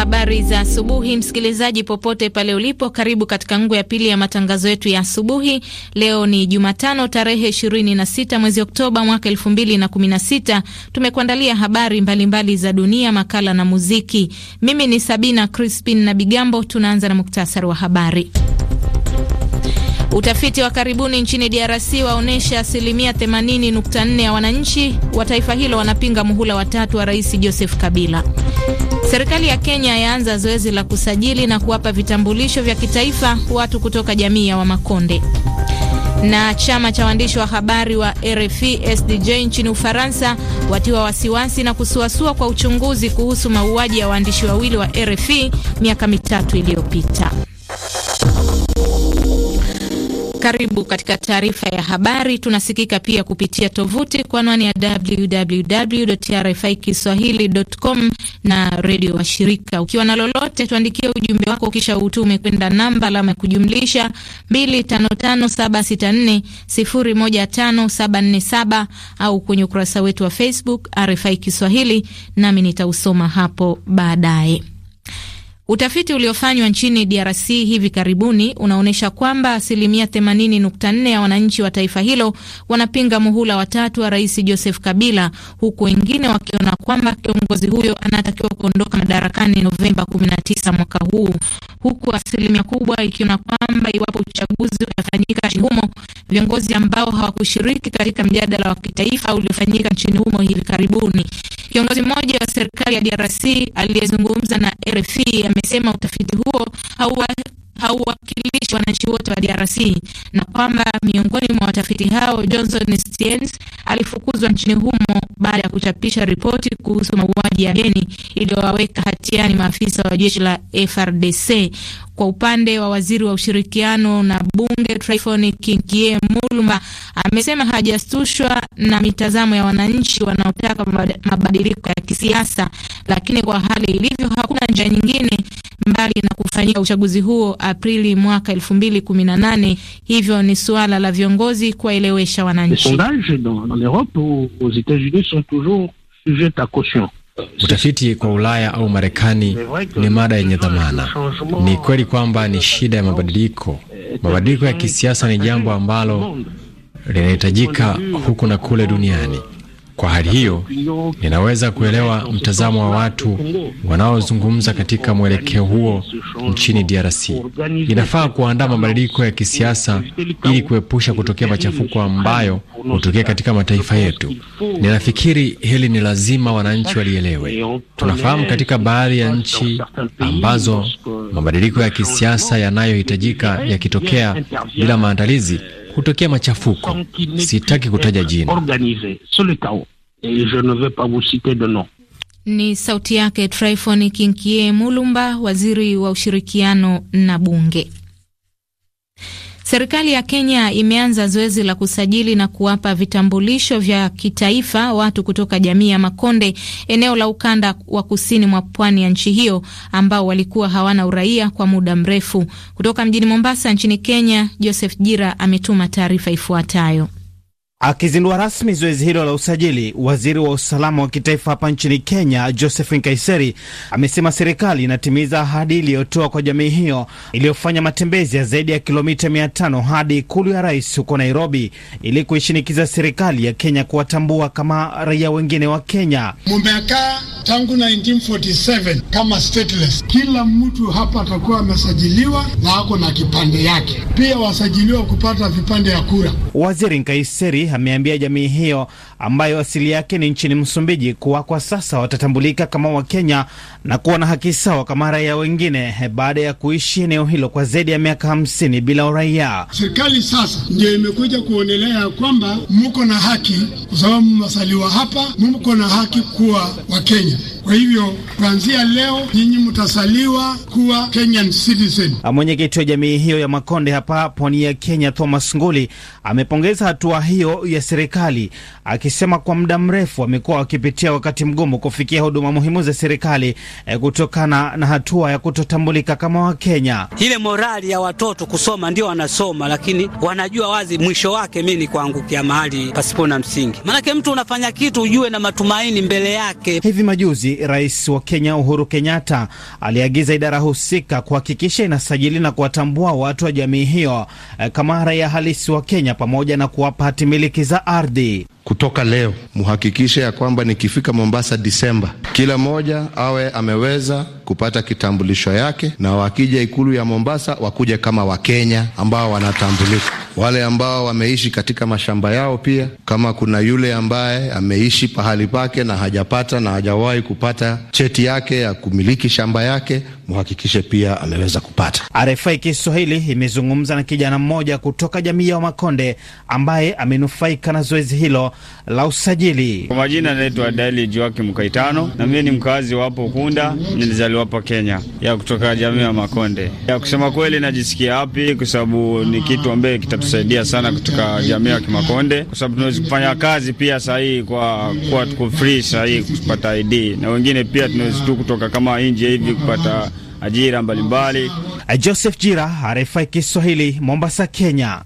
Habari za asubuhi, msikilizaji popote pale ulipo, karibu katika ngu ya pili ya matangazo yetu ya asubuhi. Leo ni Jumatano tarehe 26 mwezi Oktoba mwaka 2016. Tumekuandalia habari mbalimbali mbali za dunia, makala na muziki. Mimi ni Sabina Crispin na Bigambo. Tunaanza na muktasari wa habari. Utafiti wa karibuni nchini DRC waonyesha asilimia 80.4 ya wananchi wa taifa hilo wanapinga muhula watatu wa rais Joseph Kabila. Serikali ya Kenya yaanza zoezi la kusajili na kuwapa vitambulisho vya kitaifa watu kutoka jamii ya Wamakonde. Na chama cha waandishi wa habari wa RFI SDJ nchini Ufaransa watiwa wasiwasi na kusuasua kwa uchunguzi kuhusu mauaji ya waandishi wawili wa RFI miaka mitatu iliyopita. Karibu katika taarifa ya habari. Tunasikika pia kupitia tovuti kwa anwani ya www.rfi kiswahili.com na redio wa shirika. Ukiwa na lolote, tuandikie ujumbe wako kisha utume kwenda namba alama ya kujumlisha 255764015747 au kwenye ukurasa wetu wa Facebook RFI Kiswahili, nami nitausoma hapo baadaye. Utafiti uliofanywa nchini DRC hivi karibuni unaonyesha kwamba asilimia 80.4 ya wananchi wa taifa hilo wanapinga muhula watatu wa rais Joseph Kabila, huku wengine wakiona kwamba kiongozi huyo anatakiwa kuondoka madarakani Novemba 19 mwaka huu, huku asilimia kubwa ikiona kwamba iwapo uchaguzi utafanyika nchini humo, viongozi ambao hawakushiriki katika mjadala wa kitaifa uliofanyika nchini humo hivi karibuni Kiongozi mmoja wa serikali ya DRC aliyezungumza na RFI amesema utafiti huo hauwa hauwakilishi wananchi wote wa DRC na kwamba miongoni mwa watafiti hao Johnson Stiens alifukuzwa nchini humo baada ya kuchapisha ripoti kuhusu mauaji ya Beni iliyowaweka hatiani maafisa wa jeshi la FRDC. Kwa upande wa waziri wa ushirikiano na bunge Tryphon Kingie Muluma amesema hajastushwa na mitazamo ya wananchi wanaotaka mabadiliko ya kisiasa, lakini kwa hali ilivyo hakuna njia nyingine mbali na kufanyika uchaguzi huo Aprili mwaka elfu mbili kumi na nane. Hivyo ni suala la viongozi kuwaelewesha wananchi. Utafiti kwa Ulaya au Marekani ni mada yenye dhamana. Ni kweli kwamba ni shida ya mabadiliko. Mabadiliko ya kisiasa ni jambo ambalo linahitajika huku na kule duniani. Kwa hali hiyo, ninaweza kuelewa mtazamo wa watu wanaozungumza katika mwelekeo huo nchini DRC. Inafaa kuandaa mabadiliko ya kisiasa ili kuepusha kutokea machafuko ambayo hutokea katika mataifa yetu. Ninafikiri hili ni lazima wananchi walielewe. Tunafahamu katika baadhi ya nchi ambazo mabadiliko ya kisiasa yanayohitajika yakitokea bila maandalizi kutokea machafuko. Sitaki kutaja jina. Ni sauti yake Tryphon Kinkie Mulumba, waziri wa ushirikiano na bunge. Serikali ya Kenya imeanza zoezi la kusajili na kuwapa vitambulisho vya kitaifa watu kutoka jamii ya Makonde, eneo la ukanda wa kusini mwa pwani ya nchi hiyo, ambao walikuwa hawana uraia kwa muda mrefu. Kutoka mjini Mombasa nchini Kenya, Joseph Jira ametuma taarifa ifuatayo. Akizindua rasmi zoezi hilo la usajili, waziri wa usalama wa kitaifa hapa nchini Kenya, Josephine Kaiseri, amesema serikali inatimiza ahadi iliyotoa kwa jamii hiyo iliyofanya matembezi ya zaidi ya kilomita mia tano hadi ikulu ya rais huko Nairobi ili kuishinikiza serikali ya Kenya kuwatambua kama raia wengine wa Kenya. Mumekaa tangu 1947 kama stateless. Kila mtu hapa atakuwa amesajiliwa na ako na kipande yake, pia wasajiliwa kupata vipande ya kura. Waziri Kaiseri ameambia jamii hiyo ambayo asili yake ni nchini Msumbiji kuwa kwa sasa watatambulika kama Wakenya na kuwa na haki sawa kama raia wengine eh, baada ya kuishi eneo hilo kwa zaidi ya miaka hamsini bila uraia. Serikali sasa ndio imekuja kuonelea kwamba muko na haki kwa sababu hapa, muko na haki kuwa Wakenya. Kwa hivyo kuanzia leo nyinyi mtasaliwa kuwa Kenyan citizen. Ah, mwenyekiti wa jamii hiyo ya Makonde hapa pwani ya Kenya, Thomas Nguli amepongeza hatua hiyo ya serikali, akisema kwa muda mrefu wamekuwa wakipitia wakati mgumu kufikia huduma muhimu za serikali eh, kutokana na hatua ya kutotambulika kama Wakenya. Ile morali ya watoto kusoma, ndio wanasoma, lakini wanajua wazi mwisho wake mi ni kuangukia mahali pasipo na msingi. Maanake mtu unafanya kitu ujue na matumaini mbele yake. Hivi majuzi Jumamosi, rais wa Kenya Uhuru Kenyatta aliagiza idara husika kuhakikisha inasajili na kuwatambua watu wa jamii hiyo eh, kama raia halisi wa Kenya pamoja na kuwapa hati miliki za ardhi. Kutoka leo muhakikishe ya kwamba nikifika Mombasa Disemba, kila mmoja awe ameweza kupata kitambulisho yake, na wakija ikulu ya Mombasa wakuja kama Wakenya ambao wanatambulika wale ambao wameishi katika mashamba yao. Pia kama kuna yule ambaye ameishi pahali pake na hajapata na hajawahi kupata cheti yake ya kumiliki shamba yake, muhakikishe pia ameweza kupata. RFI Kiswahili imezungumza na kijana mmoja kutoka jamii ya Makonde ambaye amenufaika na zoezi hilo la usajili. Kwa majina anaitwa Daili Joaki Mkaitano, na mimi ni mkazi wapo Kunda, nilizaliwa hapa Kenya ya kutoka jamii ya Makonde. Ya kusema kweli, najisikia hapi kwa sababu ni kitu ambaye kitatusaidia sana kutoka jamii ya Kimakonde, kwa sababu tunaweza kufanya kazi pia sahihi kwa kuwa tuko free sahihi kupata ID, na wengine pia tunaweza tu kutoka kama nje hivi kupata ajira mbalimbali. Joseph Jira, RFI Kiswahili, Mombasa, Kenya.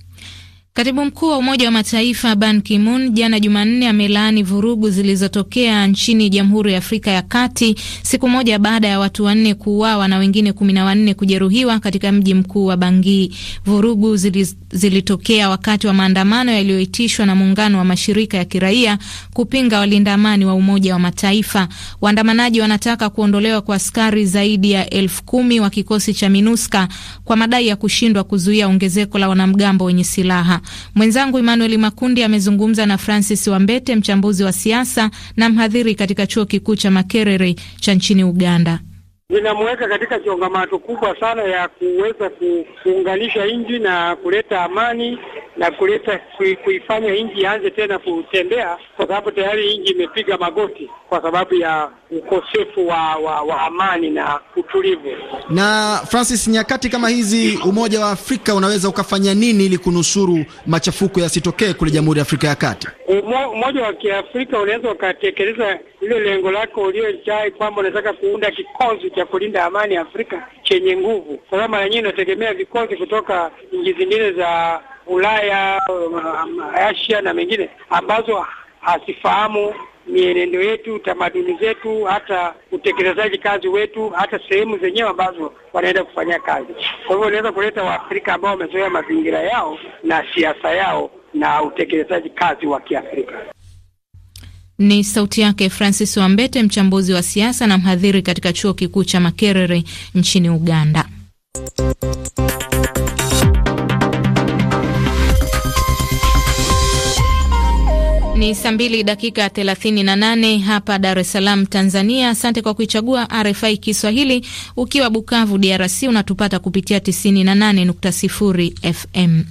Katibu mkuu wa Umoja wa Mataifa Ban Ki-moon jana Jumanne amelaani vurugu zilizotokea nchini Jamhuri ya Afrika ya Kati siku moja baada ya watu wanne kuuawa na wengine kumi na wanne kujeruhiwa katika mji mkuu wa Bangui. Vurugu ziliz, zilitokea wakati wa maandamano yaliyoitishwa na muungano wa mashirika ya kiraia kupinga walinda amani wa Umoja wa Mataifa. Waandamanaji wanataka kuondolewa kwa askari zaidi ya elfu kumi wa kikosi cha MINUSKA kwa madai ya kushindwa kuzuia ongezeko la wanamgambo wenye silaha. Mwenzangu Emmanuel Makundi amezungumza na Francis Wambete, mchambuzi wa siasa na mhadhiri katika chuo kikuu cha Makerere cha nchini Uganda. Inamuweka katika chongamato kubwa sana ya kuweza kuunganisha nchi na kuleta amani na kuleta kuifanya nchi ianze tena kutembea, kwa sababu tayari nchi imepiga magoti kwa sababu ya ukosefu wa, wa, wa amani na utulivu. Na Francis, nyakati kama hizi Umoja wa Afrika unaweza ukafanya nini ili kunusuru machafuko yasitokee kule Jamhuri ya Afrika ya Kati? Umo, Umoja wa Kiafrika unaweza ukatekeleza lile lengo lako uliojai kwamba unataka kuunda kikosi cha kulinda amani Afrika chenye nguvu, kwa sababu mara nyingi unategemea vikosi kutoka nchi zingine za Ulaya, um, Asia na mengine ambazo hazifahamu mienendo yetu, tamaduni zetu, hata utekelezaji kazi wetu, hata sehemu zenyewe ambazo wanaenda kufanya kazi. Kwa hivyo inaweza kuleta Waafrika ambao wamezoea mazingira yao na siasa yao na utekelezaji kazi wa Kiafrika. Ni sauti yake Francis Wambete, mchambuzi wa siasa na mhadhiri katika chuo kikuu cha Makerere nchini Uganda. Ni saa mbili dakika 38 hapa Dar es Salaam, Tanzania. Asante kwa kuichagua RFI Kiswahili. Ukiwa Bukavu, DRC, unatupata kupitia 98.0 FM.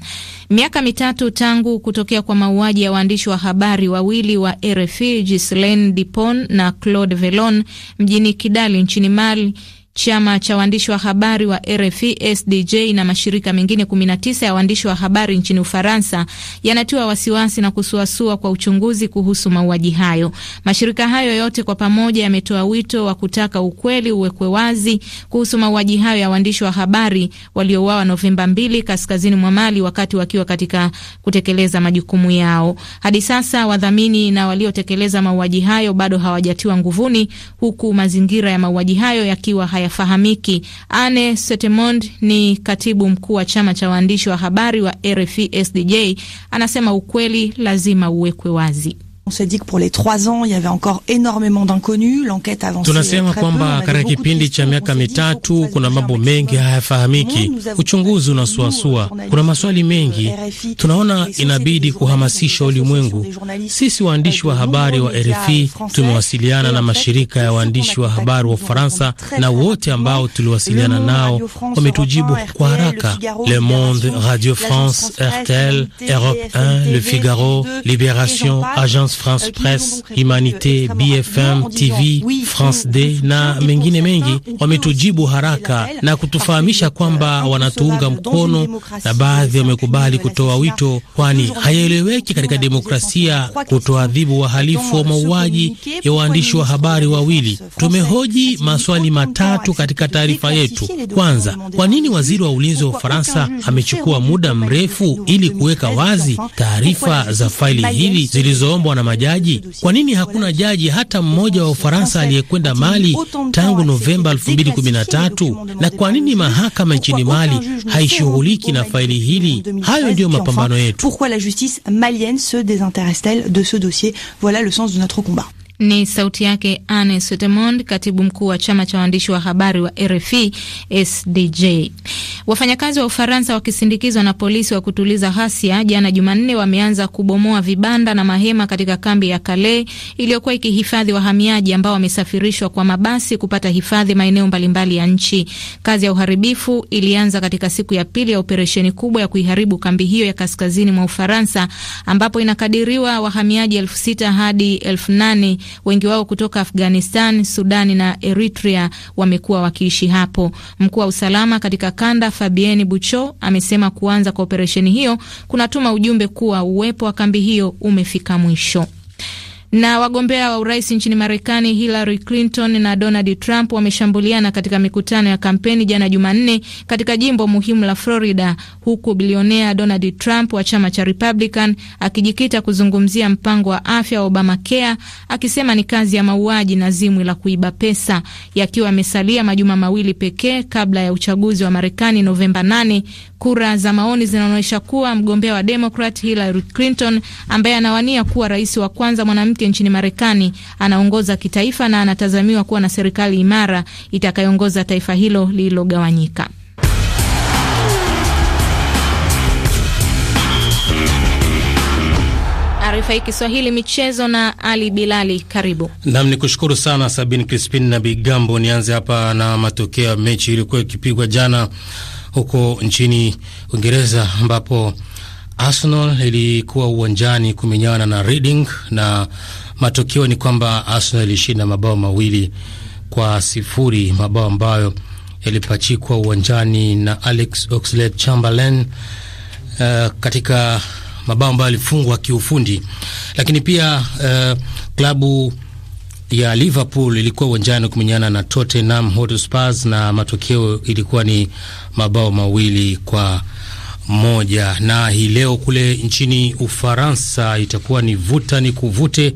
Miaka mitatu tangu kutokea kwa mauaji ya waandishi wa habari wawili wa RFI Ghislaine Dupont na Claude Velon mjini Kidali nchini Mali Chama cha waandishi wa habari wa RFI SDJ na mashirika mengine 19 ya waandishi wa habari nchini Ufaransa yanatiwa wasiwasi na kusuasua kwa uchunguzi kuhusu mauaji hayo. Mashirika hayo yote kwa pamoja yametoa wito wa kutaka ukweli uwekwe wazi kuhusu mauaji hayo ya waandishi wa habari waliouawa Novemba 2 kaskazini mwa Mali wakati wakiwa katika kutekeleza majukumu yao. Hadi sasa wadhamini na waliotekeleza mauaji hayo bado hawajatiwa nguvuni huku mazingira ya mauaji hayo yakiwa haya hayafahamiki. Anne Setemond ni katibu mkuu wa chama cha waandishi wa habari wa RFI SDJ, anasema ukweli lazima uwekwe wazi. On s'est dit que pour les trois ans, il y avait encore énormément d'inconnus, l'enquête avançait. Tunasema kwamba katika kipindi cha miaka mitatu kuna mambo mengi hayafahamiki, uchunguzi unasuasua, kuna maswali mengi. Tunaona inabidi kuhamasisha ulimwengu. Sisi waandishi wa habari wa RFI tumewasiliana na mashirika ya waandishi wa habari wa Ufaransa na wote ambao tuliwasiliana nao wametujibu kwa haraka: Le Monde, Radio France, RTL, Europe 1, Le Figaro, Libération, Agence France, euh, euh, France Presse, Humanité, BFM TV, France D na mengine mengi wametujibu haraka na kutufahamisha kwamba euh, wanatuunga mkono, na baadhi wamekubali kutoa wito, kwani haieleweki katika demokrasia kutoadhibu wahalifu wa mauaji ya waandishi wa habari wawili. Tumehoji maswali matatu katika taarifa yetu. Kwanza, kwa nini waziri wa ulinzi wa Ufaransa amechukua muda mrefu ili kuweka wazi taarifa za faili hili zilizoombwa na na majaji? Kwa nini hakuna jaji hata mmoja wa Ufaransa aliyekwenda Mali tangu Novemba 2013? Na kwa nini mahakama nchini Mali haishughuliki na faili hili? Hayo ndiyo mapambano yetu. Pourquoi la justice malienne se désintéresse-t-elle de ce dossier? Voilà le sens de notre combat. Ni sauti yake Anne Sutemond, katibu mkuu wa chama cha waandishi wa habari wa RFI SDJ. Wafanyakazi wa Ufaransa wakisindikizwa na polisi wa kutuliza ghasia, jana Jumanne, wameanza kubomoa vibanda na mahema katika kambi ya Calais iliyokuwa ikihifadhi wahamiaji ambao wamesafirishwa kwa mabasi kupata hifadhi maeneo mbalimbali ya nchi. Kazi ya uharibifu ilianza katika siku ya pili ya operesheni kubwa ya kuiharibu kambi hiyo ya kaskazini mwa Ufaransa ambapo inakadiriwa wahamiaji elfu sita hadi elfu nane wengi wao kutoka Afghanistan, Sudani na Eritrea wamekuwa wakiishi hapo. Mkuu wa usalama katika kanda Fabien Bucho amesema kuanza kwa operesheni hiyo kunatuma ujumbe kuwa uwepo wa kambi hiyo umefika mwisho. Na wagombea wa urais nchini Marekani Hillary Clinton na Donald Trump wameshambuliana katika mikutano ya kampeni jana Jumanne katika jimbo muhimu la Florida, huku bilionea Donald Trump wa chama cha Republican akijikita kuzungumzia mpango wa afya wa Obamacare, akisema ni kazi ya mauaji na zimwi la kuiba pesa, yakiwa yamesalia majuma mawili pekee kabla ya uchaguzi wa Marekani Novemba 8. Kura za maoni zinaonyesha kuwa mgombea wa demokrat Hillary Clinton ambaye anawania kuwa rais wa kwanza mwanamke wake nchini Marekani anaongoza kitaifa na anatazamiwa kuwa na serikali imara itakayoongoza taifa hilo lililogawanyika. Arifa Kiswahili michezo na Ali Bilali, karibu nam. Ni kushukuru sana Sabin Crispin na Bigambo. Nianze hapa na matokeo ya mechi iliyokuwa ikipigwa jana huko nchini Uingereza ambapo Arsenal ilikuwa uwanjani kumenyana na Reading na matokeo ni kwamba Arsenal ilishinda mabao mawili kwa sifuri, mabao ambayo yalipachikwa uwanjani na Alex Oxlade-Chamberlain uh, katika mabao ambayo yalifungwa kiufundi. Lakini pia uh, klabu ya Liverpool ilikuwa uwanjani kumenyana na Tottenham Hotspur na matokeo ilikuwa ni mabao mawili kwa moja. Na hii leo kule nchini Ufaransa itakuwa ni vuta ni kuvute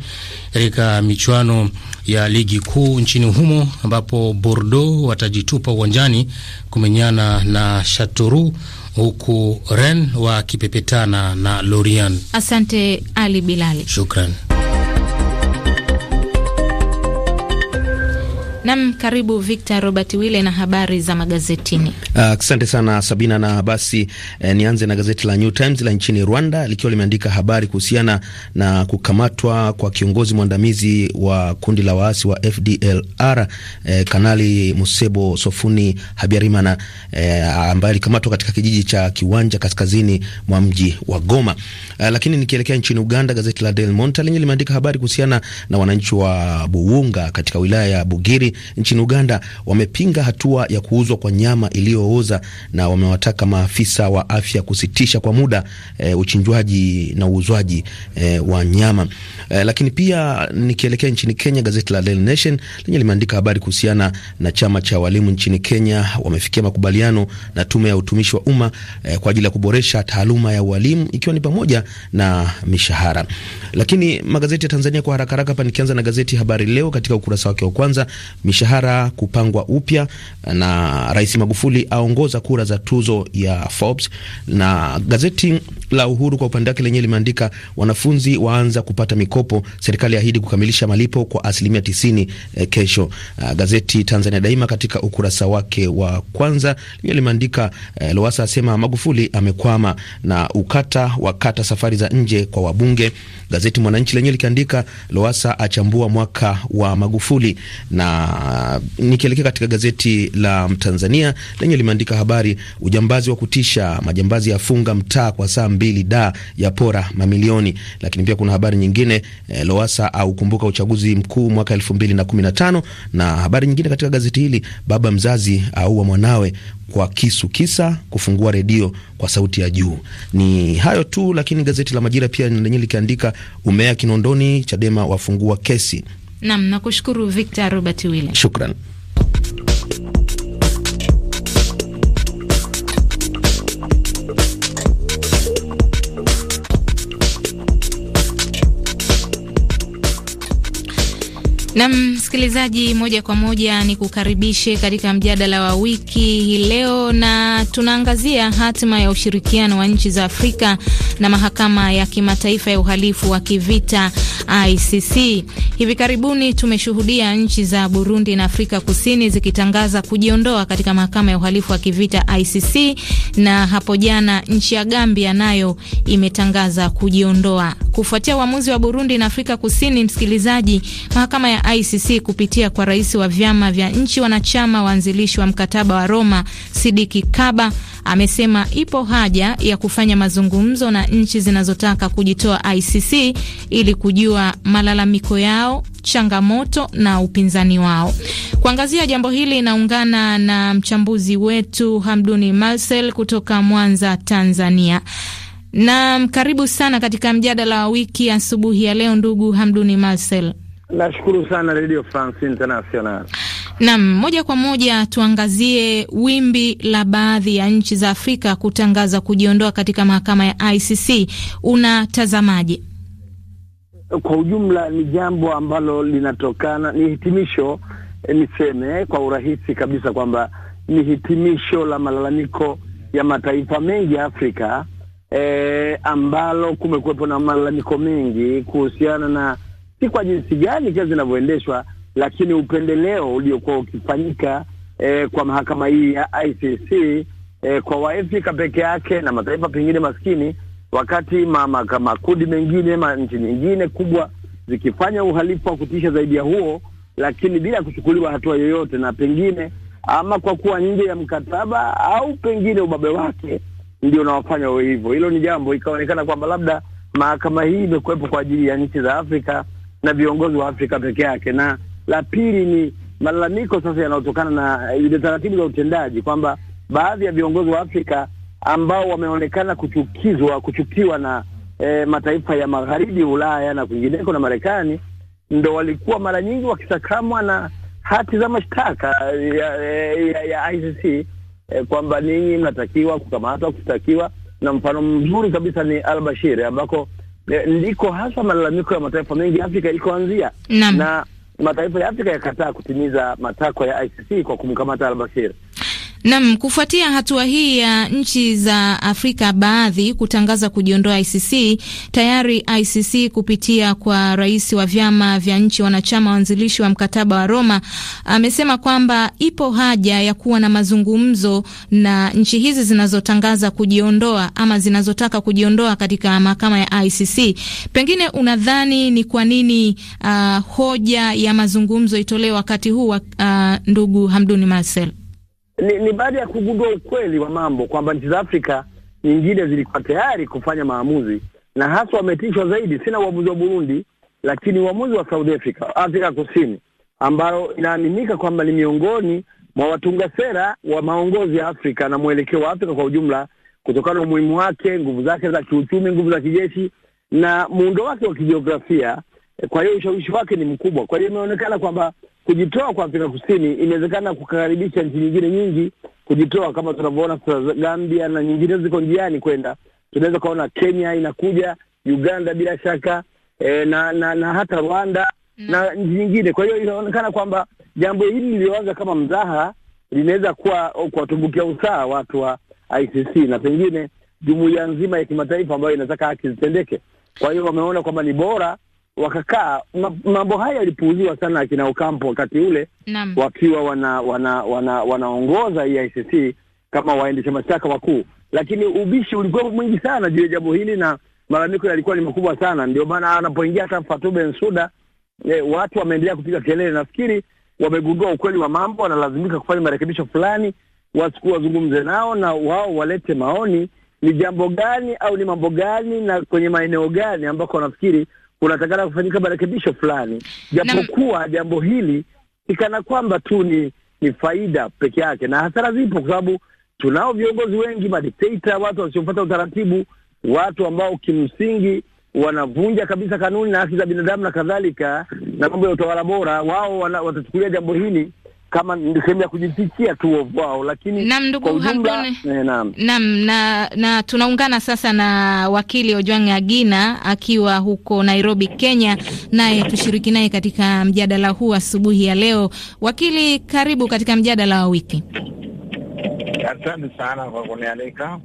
katika michuano ya ligi kuu nchini humo ambapo Bordeaux watajitupa uwanjani kumenyana na Chateauroux huku Rennes wakipepetana na Lorient. Asante Ali Bilali. Shukran. Nam, karibu Victor Robert Wile na habari za magazetini. Ah, asante uh, sana Sabina, na basi eh, nianze na gazeti la New Times la nchini Rwanda likiwa limeandika habari kuhusiana na kukamatwa kwa kiongozi mwandamizi wa kundi la waasi wa FDLR eh, Kanali Musebo Sofuni Habyarimana eh, ambaye alikamatwa katika kijiji cha Kiwanja kaskazini mwa mji wa Goma. Uh, lakini nikielekea nchini Uganda, gazeti la Del lenye limeandika habari kuhusiana na wananchi wa Buwunga katika wilaya ya Bugiri nchini Uganda wamepinga hatua ya kuuzwa kwa nyama iliyooza na wamewataka maafisa wa afya kusitisha kwa muda e, uchinjwaji na uuzwaji e, wa nyama e, lakini pia nikielekea nchini Kenya, gazeti la Daily Nation lenye limeandika habari kuhusiana na chama cha walimu nchini Kenya wamefikia makubaliano na tume ya utumishi wa umma e, kwa ajili ya kuboresha taaluma ya ualimu ikiwa ni pamoja na mishahara. Lakini magazeti ya Tanzania kwa haraka haraka hapa, nikianza na gazeti Habari Leo katika ukurasa wake wa kwanza mishahara kupangwa upya, na Rais Magufuli aongoza kura za tuzo ya Forbes. Na gazeti la Uhuru kwa upande wake lenyewe limeandika wanafunzi waanza kupata mikopo, serikali ahidi kukamilisha malipo kwa asilimia tisini eh, kesho. Uh, gazeti Tanzania Daima katika ukurasa wake wa kwanza lenyewe limeandika eh, Lowassa asema Magufuli amekwama na ukata wakata safari za nje kwa wabunge. Gazeti Mwananchi lenyewe likiandika Lowassa achambua mwaka wa Magufuli na Uh, nikielekea katika gazeti la Mtanzania lenye limeandika habari ujambazi wa kutisha, majambazi yafunga mtaa kwa saa mbili, da ya pora mamilioni. Lakini pia kuna habari nyingine e, eh, Lowasa au kumbuka uchaguzi mkuu mwaka elfu 2015 na habari nyingine katika gazeti hili, baba mzazi aua mwanawe kwa kisu, kisa kufungua redio kwa sauti ya juu. Ni hayo tu, lakini gazeti la Majira pia lenyewe likiandika umea Kinondoni, Chadema wafungua kesi Nam, nakushukuru Victor Robert Wille, shukran. Nam msikilizaji, moja kwa moja ni kukaribishe katika mjadala wa wiki hii leo, na tunaangazia hatima ya ushirikiano wa nchi za Afrika na mahakama ya kimataifa ya uhalifu wa kivita ICC. Hivi karibuni tumeshuhudia nchi za Burundi na Afrika Kusini zikitangaza kujiondoa katika mahakama ya uhalifu wa kivita ICC, na hapo jana nchi ya Gambia nayo imetangaza kujiondoa kufuatia uamuzi wa Burundi na Afrika Kusini. Msikilizaji, mahakama ya ICC kupitia kwa rais wa vyama vya nchi wanachama waanzilishi wa mkataba wa Roma Sidiki Kaba amesema ipo haja ya kufanya mazungumzo na nchi zinazotaka kujitoa ICC ili kujua kujua malalamiko yao, changamoto na upinzani wao. Kuangazia jambo hili, inaungana na mchambuzi wetu Hamduni Marcel kutoka Mwanza, Tanzania. Naam, karibu sana katika mjadala wa wiki asubuhi ya leo, ndugu Hamduni Marcel. Nashukuru sana Radio France International. Nam, moja kwa moja tuangazie wimbi la baadhi ya nchi za Afrika kutangaza kujiondoa katika mahakama ya ICC. Unatazamaje? kwa ujumla ni jambo ambalo linatokana, ni hitimisho eh, niseme kwa urahisi kabisa kwamba ni hitimisho la malalamiko ya mataifa mengi ya Afrika eh, ambalo kumekuwepo na malalamiko mengi kuhusiana na si kwa jinsi gani kazi zinavyoendeshwa, lakini upendeleo uliokuwa ukifanyika eh, kwa mahakama hii ya ICC eh, kwa Waafrika peke yake na mataifa pengine maskini wakati kudi mengine ma nchi nyingine kubwa zikifanya uhalifu wa kutisha zaidi ya huo, lakini bila kuchukuliwa hatua yoyote, na pengine ama kwa kuwa nje ya mkataba au pengine ubabe wake ndio unawafanya wawe hivyo. Hilo ni jambo, ikaonekana kwamba labda mahakama hii imekuwepo kwa ajili ya nchi za Afrika na viongozi wa Afrika peke yake. Na la pili ni malalamiko sasa yanayotokana na ile taratibu za utendaji kwamba baadhi ya viongozi wa Afrika ambao wameonekana kuchukizwa kuchukiwa na e, mataifa ya magharibi Ulaya na kwingineko na Marekani, ndo walikuwa mara nyingi wakisakamwa na hati za mashtaka eh, eh, ya, ya, ya ICC e, kwamba ninyi mnatakiwa kukamatwa, kushtakiwa. Na mfano mzuri kabisa ni Al Bashir ambako ndiko hasa malalamiko ya mataifa mengi Afrika ilikoanzia na mataifa ya Afrika yakataa kutimiza matakwa ya ICC kwa kumkamata Al Bashir. Nam, kufuatia hatua hii ya nchi za Afrika baadhi kutangaza kujiondoa ICC, tayari ICC kupitia kwa rais wa vyama vya nchi wanachama waanzilishi wa mkataba wa Roma amesema kwamba ipo haja ya kuwa na mazungumzo na nchi hizi zinazotangaza kujiondoa ama zinazotaka kujiondoa katika mahakama ya ICC. Pengine unadhani ni kwa nini uh, hoja ya mazungumzo itolewe wakati huu wa, uh, ndugu Hamduni Marcel? ni, ni baada ya kugundua ukweli wa mambo kwamba nchi za Afrika nyingine zilikuwa tayari kufanya maamuzi, na hasa wametishwa zaidi, sina uamuzi wa Burundi, lakini uamuzi wa South Africa, Afrika Kusini, ambayo inaaminika kwamba ni miongoni mwa watunga sera wa maongozi ya Afrika na mwelekeo wa Afrika kwa ujumla, kutokana na umuhimu wake, nguvu zake za kiuchumi, nguvu za kijeshi na muundo wake wa kijiografia. Kwa hiyo ushawishi wake ni mkubwa. Kwa hiyo imeonekana kwamba kujitoa kwa Afrika Kusini inawezekana kukaribisha nchi nyingine nyingi kujitoa, kama tunavyoona sasa Gambia na nyingine ziko njiani kwenda. Tunaweza kuona Kenya inakuja, Uganda bila shaka e, na, na na hata Rwanda mm, na nchi nyingine. Kwa hiyo inaonekana kwamba jambo hili lilioanza kama mzaha linaweza kuwa oh, kuwatumbukia usaa watu wa ICC na pengine jumuiya nzima ya kimataifa ambayo inataka haki zitendeke. Kwa hiyo wameona kwamba ni bora wakakaa. Mambo haya yalipuuziwa sana akina Ocampo wakati ule Nam. wakiwa wanaongoza wana, wana wana e ICC kama waendesha mashtaka wakuu, lakini ubishi ulikuwa mwingi sana juu ya jambo hili na malalamiko yalikuwa ni makubwa sana. Ndio maana anapoingia hata Fatou Bensouda eh, watu wameendelea kupiga kelele. Nafikiri wamegundua ukweli wa mambo, wanalazimika kufanya marekebisho fulani, wasiku wazungumze nao na wao walete maoni, ni jambo gani au ni mambo gani na kwenye maeneo gani ambako wanafikiri kunatakana kufanyika marekebisho fulani, japokuwa jambo hili ikana kwamba tu ni ni faida peke yake, na hasara zipo, kwa sababu tunao viongozi wengi madikteta, watu wasiofuata utaratibu, watu ambao kimsingi wanavunja kabisa kanuni na haki za binadamu na kadhalika, na mambo ya utawala bora. Wao watachukulia jambo hili kama ni sehemu ya kujifichia tu wao, lakini naam, ndugu Haruna, eh, naam, naam na, na tunaungana sasa na wakili Ojwang Agina akiwa huko Nairobi, Kenya, naye tushiriki naye katika mjadala huu asubuhi ya leo. Wakili, karibu katika mjadala wa wiki. Asante sana kwa kunialika.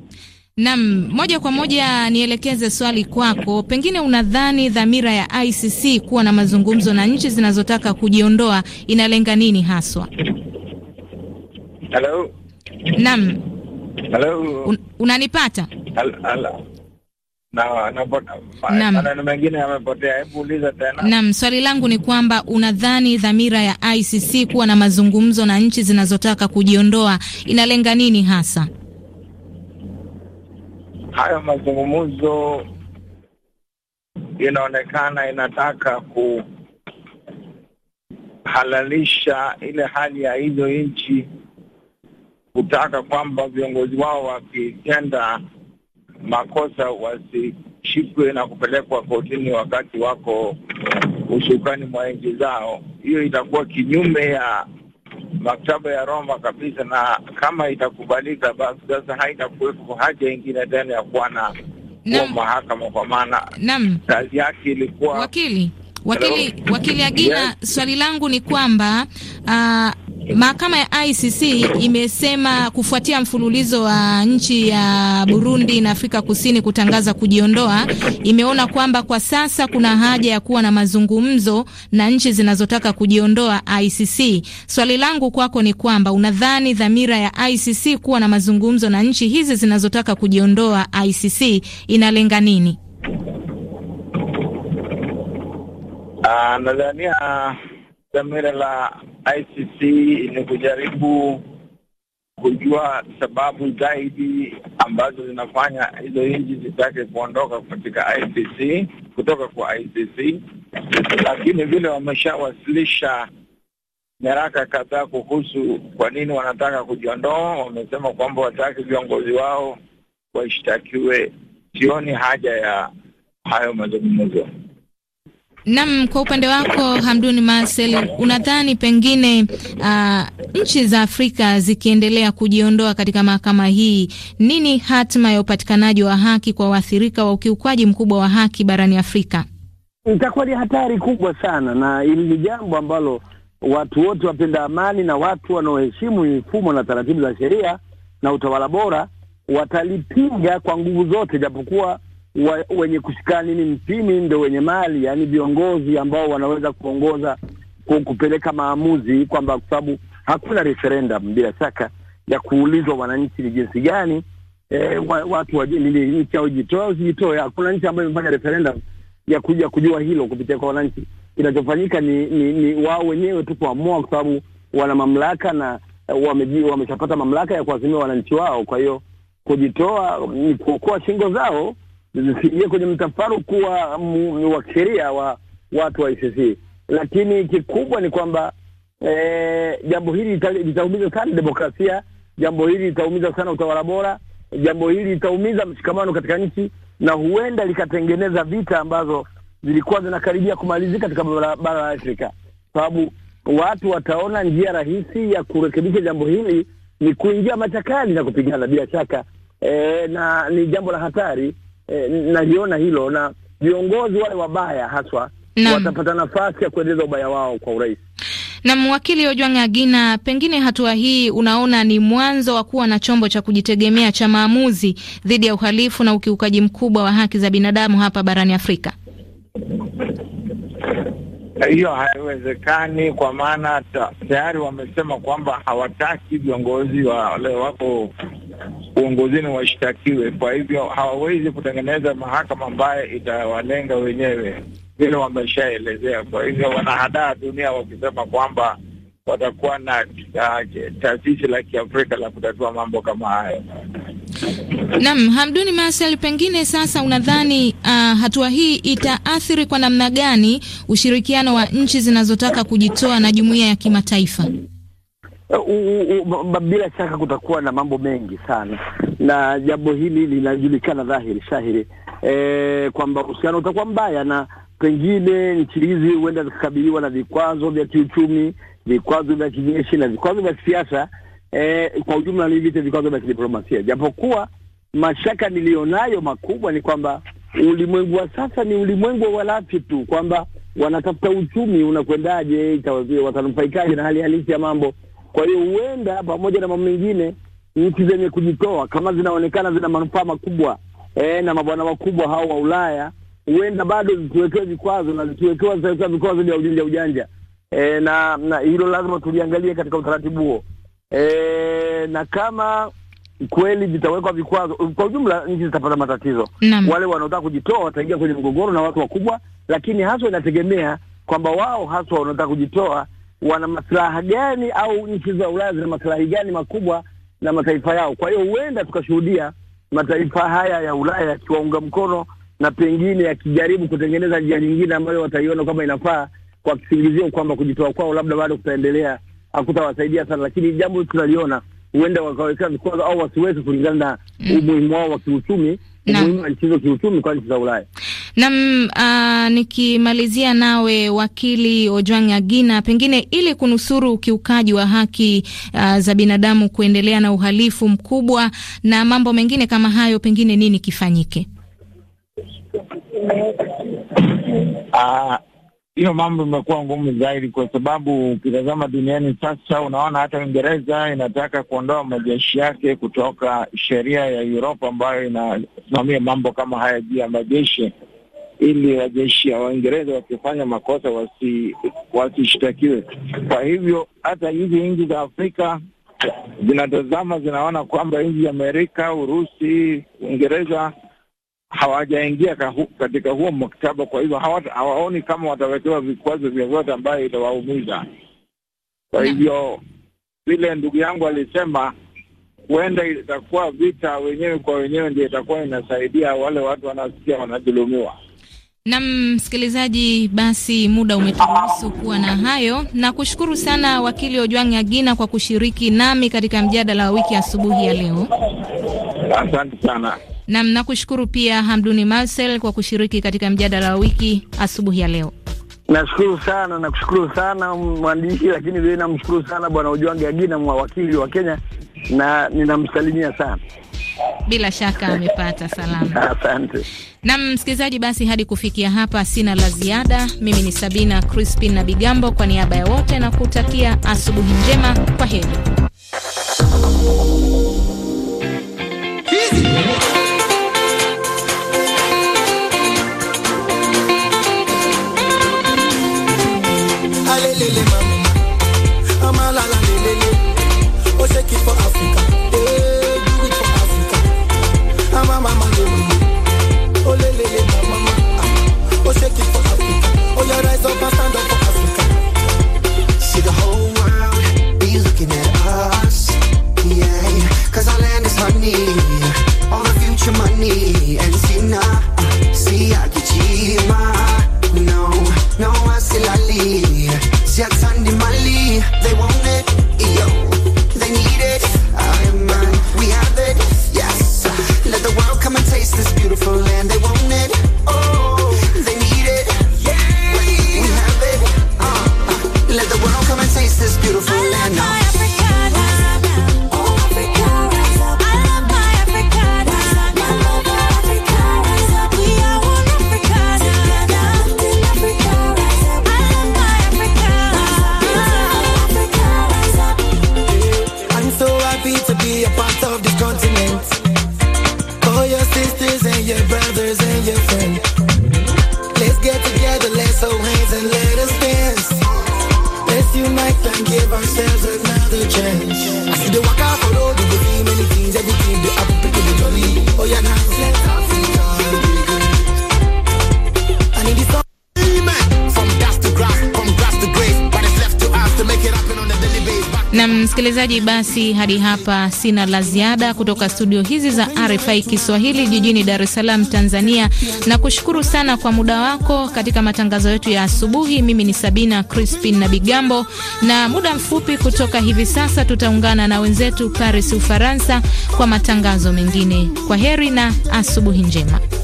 Nam, moja kwa moja nielekeze swali kwako. Pengine unadhani dhamira ya ICC kuwa na mazungumzo na nchi zinazotaka kujiondoa inalenga nini haswa? Hello. Nam. Hello. Un, unanipata? Hello. Naam, swali langu ni kwamba unadhani dhamira ya ICC kuwa na mazungumzo na nchi zinazotaka kujiondoa inalenga nini hasa? Hayo mazungumzo inaonekana inataka kuhalalisha ile hali ya hizo nchi kutaka kwamba viongozi wao wakitenda makosa wasishikwe na kupelekwa kotini wakati wako ushukani mwa nchi zao. Hiyo itakuwa kinyume ya maktaba ya Roma kabisa, na kama itakubalika, basi sasa haitakuwepo haja ingine tena ya kuwa na mahakama, kwa maana kazi yake ilikuwa wakili Wakili, wakili Agina, swali langu ni kwamba uh, Mahakama ya ICC imesema kufuatia mfululizo wa nchi ya Burundi na Afrika Kusini kutangaza kujiondoa, imeona kwamba kwa sasa kuna haja ya kuwa na mazungumzo na nchi zinazotaka kujiondoa ICC. Swali langu kwako ni kwamba unadhani dhamira ya ICC kuwa na mazungumzo na nchi hizi zinazotaka kujiondoa ICC inalenga nini? Uh, nadhania dhamira la ICC ni kujaribu kujua sababu zaidi ambazo zinafanya hizo nchi zitake kuondoka katika ICC kutoka kwa ICC, lakini vile wameshawasilisha nyaraka kadhaa kuhusu kwa nini wanataka kujiondoa. Wamesema kwamba wataki viongozi wao washtakiwe. Sioni haja ya hayo mazungumzo. Nam, kwa upande wako Hamduni Marcel, unadhani pengine uh, nchi za Afrika zikiendelea kujiondoa katika mahakama hii, nini hatima ya upatikanaji wa haki kwa waathirika wa ukiukwaji mkubwa wa haki barani Afrika? Itakuwa ni hatari kubwa sana, na hili ni jambo ambalo watu wote wapenda amani na watu wanaoheshimu mifumo na taratibu za sheria na utawala bora watalipinga kwa nguvu zote, japokuwa wa, wenye kushika nini mtini ndo wenye mali, yani viongozi ambao wanaweza kuongoza kupeleka maamuzi, kwamba kwa sababu hakuna referendum bila shaka ya kuulizwa wananchi ni jinsi gani e, watu wa nchi au jitoe au sijitoe. Hakuna nchi ambayo imefanya referendum ya kuja kujua hilo kupitia kwa wananchi. Kinachofanyika ni, ni, ni wao wenyewe tu kuamua, kwa sababu wana mamlaka na eh, wameshapata mamlaka ya kuazimia wananchi wao. Kwa hiyo kujitoa ni kuokoa shingo zao zisiingie kwenye mtafaruku wa, wa kisheria wa watu wa ICC, lakini kikubwa ni kwamba e, jambo hili litaumiza sana demokrasia, jambo hili litaumiza sana utawala bora, jambo hili litaumiza mshikamano katika nchi na huenda likatengeneza vita ambazo zilikuwa zinakaribia kumalizika katika bara la Afrika, sababu watu wataona njia rahisi ya kurekebisha jambo hili ni kuingia machakali na kupigana bila shaka e, na ni jambo la hatari eh, naliona hilo na viongozi wale wabaya haswa na watapata nafasi ya kuendeleza ubaya wao kwa urahisi. Na mwakili Ojwang' Agina, pengine hatua hii unaona ni mwanzo wa kuwa na chombo cha kujitegemea cha maamuzi dhidi ya uhalifu na ukiukaji mkubwa wa haki za binadamu hapa barani Afrika? Hiyo haiwezekani, kwa maana tayari wamesema kwamba hawataki viongozi wale wako uongozini washtakiwe. Kwa hivyo hawawezi kutengeneza mahakama ambayo itawalenga wenyewe, vile wameshaelezea. Kwa hivyo wanahadaa dunia wakisema kwamba watakuwa na ah, taasisi la Kiafrika la kutatua mambo kama hayo. Naam, Hamduni Masel, pengine sasa unadhani uh, hatua hii itaathiri kwa namna gani ushirikiano wa nchi zinazotaka kujitoa na jumuiya ya kimataifa? Eh, bila shaka kutakuwa na mambo mengi sana, na jambo hili linajulikana dhahiri shahiri e, kwamba uhusiano utakuwa mbaya, na pengine nchi hizi huenda zikakabiliwa na vikwazo vya kiuchumi, vikwazo vya kijeshi na vikwazo vya kisiasa e, kwa ujumla ni vikwazo vya kidiplomasia, japokuwa mashaka niliyonayo makubwa ni kwamba ulimwengu wa sasa ni ulimwengu wa walafi tu, kwamba wanatafuta uchumi unakwendaje, watanufaikaje na hali halisi ya mambo kwa hiyo huenda pamoja na mambo mengine, nchi zenye kujitoa kama zinaonekana zina manufaa makubwa e, na mabwana wakubwa hao wa Ulaya, huenda bado zituwekewe vikwazo na zikiwekewa zitawekewa vikwazo vya ujinja ujanja e, na, na hilo lazima tuliangalie katika utaratibu huo e, na kama kweli vitawekwa vikwazo, kwa ujumla nchi zitapata matatizo. Wale wanaotaka kujitoa wataingia kwenye mgogoro na watu wakubwa, lakini haswa inategemea kwamba wao haswa wanaotaka kujitoa wana maslaha gani au nchi za Ulaya zina maslahi gani makubwa na mataifa yao. Kwa hiyo huenda tukashuhudia mataifa haya ya Ulaya yakiwaunga mkono na pengine yakijaribu kutengeneza njia nyingine ambayo wataiona kwamba inafaa, kwa kisingizio kwamba kujitoa kwao labda bado kutaendelea hakutawasaidia sana, lakini jambo tunaliona huenda wakawekea vikwazo au wasiweze kulingana na mm. umuhimu wao wa kiuchumi, umuhimu wa nchi hizo kiuchumi kwa nchi za Ulaya. Nam uh, ah, nikimalizia nawe wakili Ojwang Agina, pengine ili kunusuru ukiukaji wa haki uh, za binadamu kuendelea na uhalifu mkubwa na mambo mengine kama hayo, pengine nini kifanyike? Ah, hiyo mambo imekuwa ngumu zaidi, kwa sababu ukitazama duniani sasa, unaona hata Uingereza inataka kuondoa majeshi yake kutoka sheria ya Uropa ambayo inasimamia mambo kama haya juu ya majeshi, ili wajeshi ya Waingereza wakifanya makosa wasi wasishtakiwe. Kwa hivyo hata hizi nchi za Afrika zinatazama, zinaona kwamba nchi ya Amerika, Urusi, Uingereza hawajaingia katika huo maktaba, kwa hivyo hawaoni kama watawekewa vikwazo vyovyote ambayo itawaumiza. Kwa hivyo vile ndugu yangu alisema, huenda itakuwa vita wenyewe kwa wenyewe ndio itakuwa inasaidia wale watu wanaosikia wanadhulumiwa. Nam msikilizaji, basi muda umeturuhusu kuwa na hayo, na kushukuru sana wakili Ojwang' Agina kwa kushiriki nami katika mjadala wa wiki asubuhi ya leo. Asante sana. Nam, nakushukuru pia Hamduni Marcel kwa kushiriki katika mjadala wa wiki asubuhi ya leo. Nashukuru sana, nakushukuru sana mwandishi, lakini vile namshukuru sana Bwana Ujwange Agina, mwawakili wa Kenya, na ninamsalimia sana. Bila shaka amepata salama. Asante. Na msikilizaji, basi hadi kufikia hapa sina la ziada. Mimi ni Sabina Crispin na Bigambo, kwa niaba ya wote na kutakia asubuhi njema. Kwa heri. alelele mama, amala la lelele. Oh shake it for Africa. happy to be a part of this continent. Call your sisters and your brothers and your friends. Let's get together, let's hold hands and let us dance. Let's unite and give ourselves Msikilizaji, basi hadi hapa sina la ziada kutoka studio hizi za RFI Kiswahili jijini Dar es Salaam, Tanzania, na kushukuru sana kwa muda wako katika matangazo yetu ya asubuhi. Mimi ni Sabina Crispin na Bigambo, na muda mfupi kutoka hivi sasa tutaungana na wenzetu Paris, Ufaransa, kwa matangazo mengine. Kwa heri na asubuhi njema.